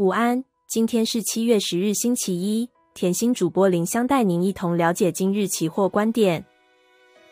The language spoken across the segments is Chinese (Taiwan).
午安，今天是七月十日，星期一。甜心主播林香帶您一同了解今日期貨觀點。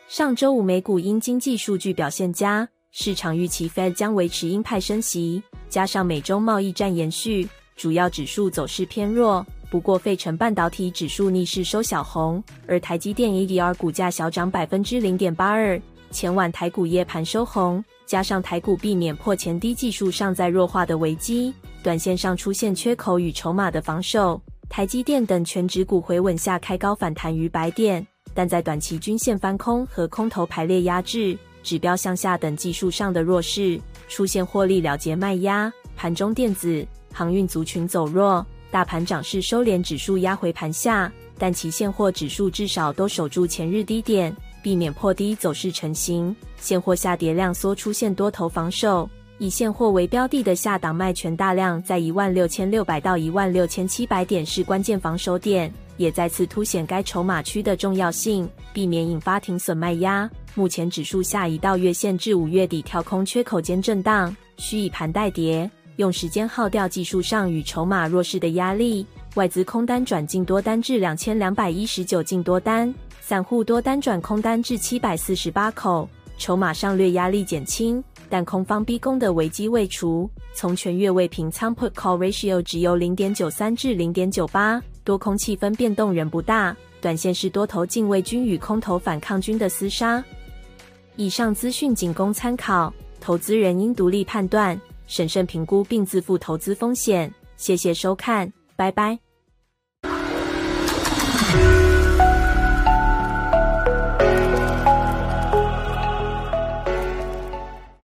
上周五美股因經濟數據表現佳，市場預期 Fed 將維持鷹派升息，加上美中貿易戰延續，主要指數走勢偏弱。不過費城半導體指數逆勢收小紅，而台積電 ADR 股價小漲百分之零點八二。前晚台股夜盤收紅，加上台股避免破前低，技術上再弱化的危機。短線上出現缺口與籌碼的防守，台積電等權值股回穩下開高反彈逾百點，但在短期均線翻空和空頭排列壓制、指標向下等技術上的弱勢，出現獲利了結賣壓。盤中電子、航運族群走弱，大盤漲勢收斂，指數壓回盤下，但期現貨指數至少都守住前日低點，避免破低走勢成行。現貨下跌量縮，出現多頭防守。以現貨為標的的下檔賣權大量在一萬六千六百到一萬六千七百點是關鍵防守點，也再次凸顯該籌碼區的重要性，避免引發停損賣壓。目前指數下移到月線至五月底跳空缺口間震盪，需以盤代跌，用時間耗掉技術上與籌碼弱勢的壓力。外資空單轉淨多單至兩千兩百一十九淨多單，散戶多單轉空單至七百四十八口，籌碼上略壓力減輕。但空方逼宮的危機未除，從全月未平倉 Put Call Ratio 只有零點九三至零點九八，多空氣氛變動仍不大。短線是多頭禁衛軍與空頭反抗軍的廝殺。以上資訊僅供參考，投資人應獨立判斷，審慎評估並自負投資風險。謝謝收看，拜拜。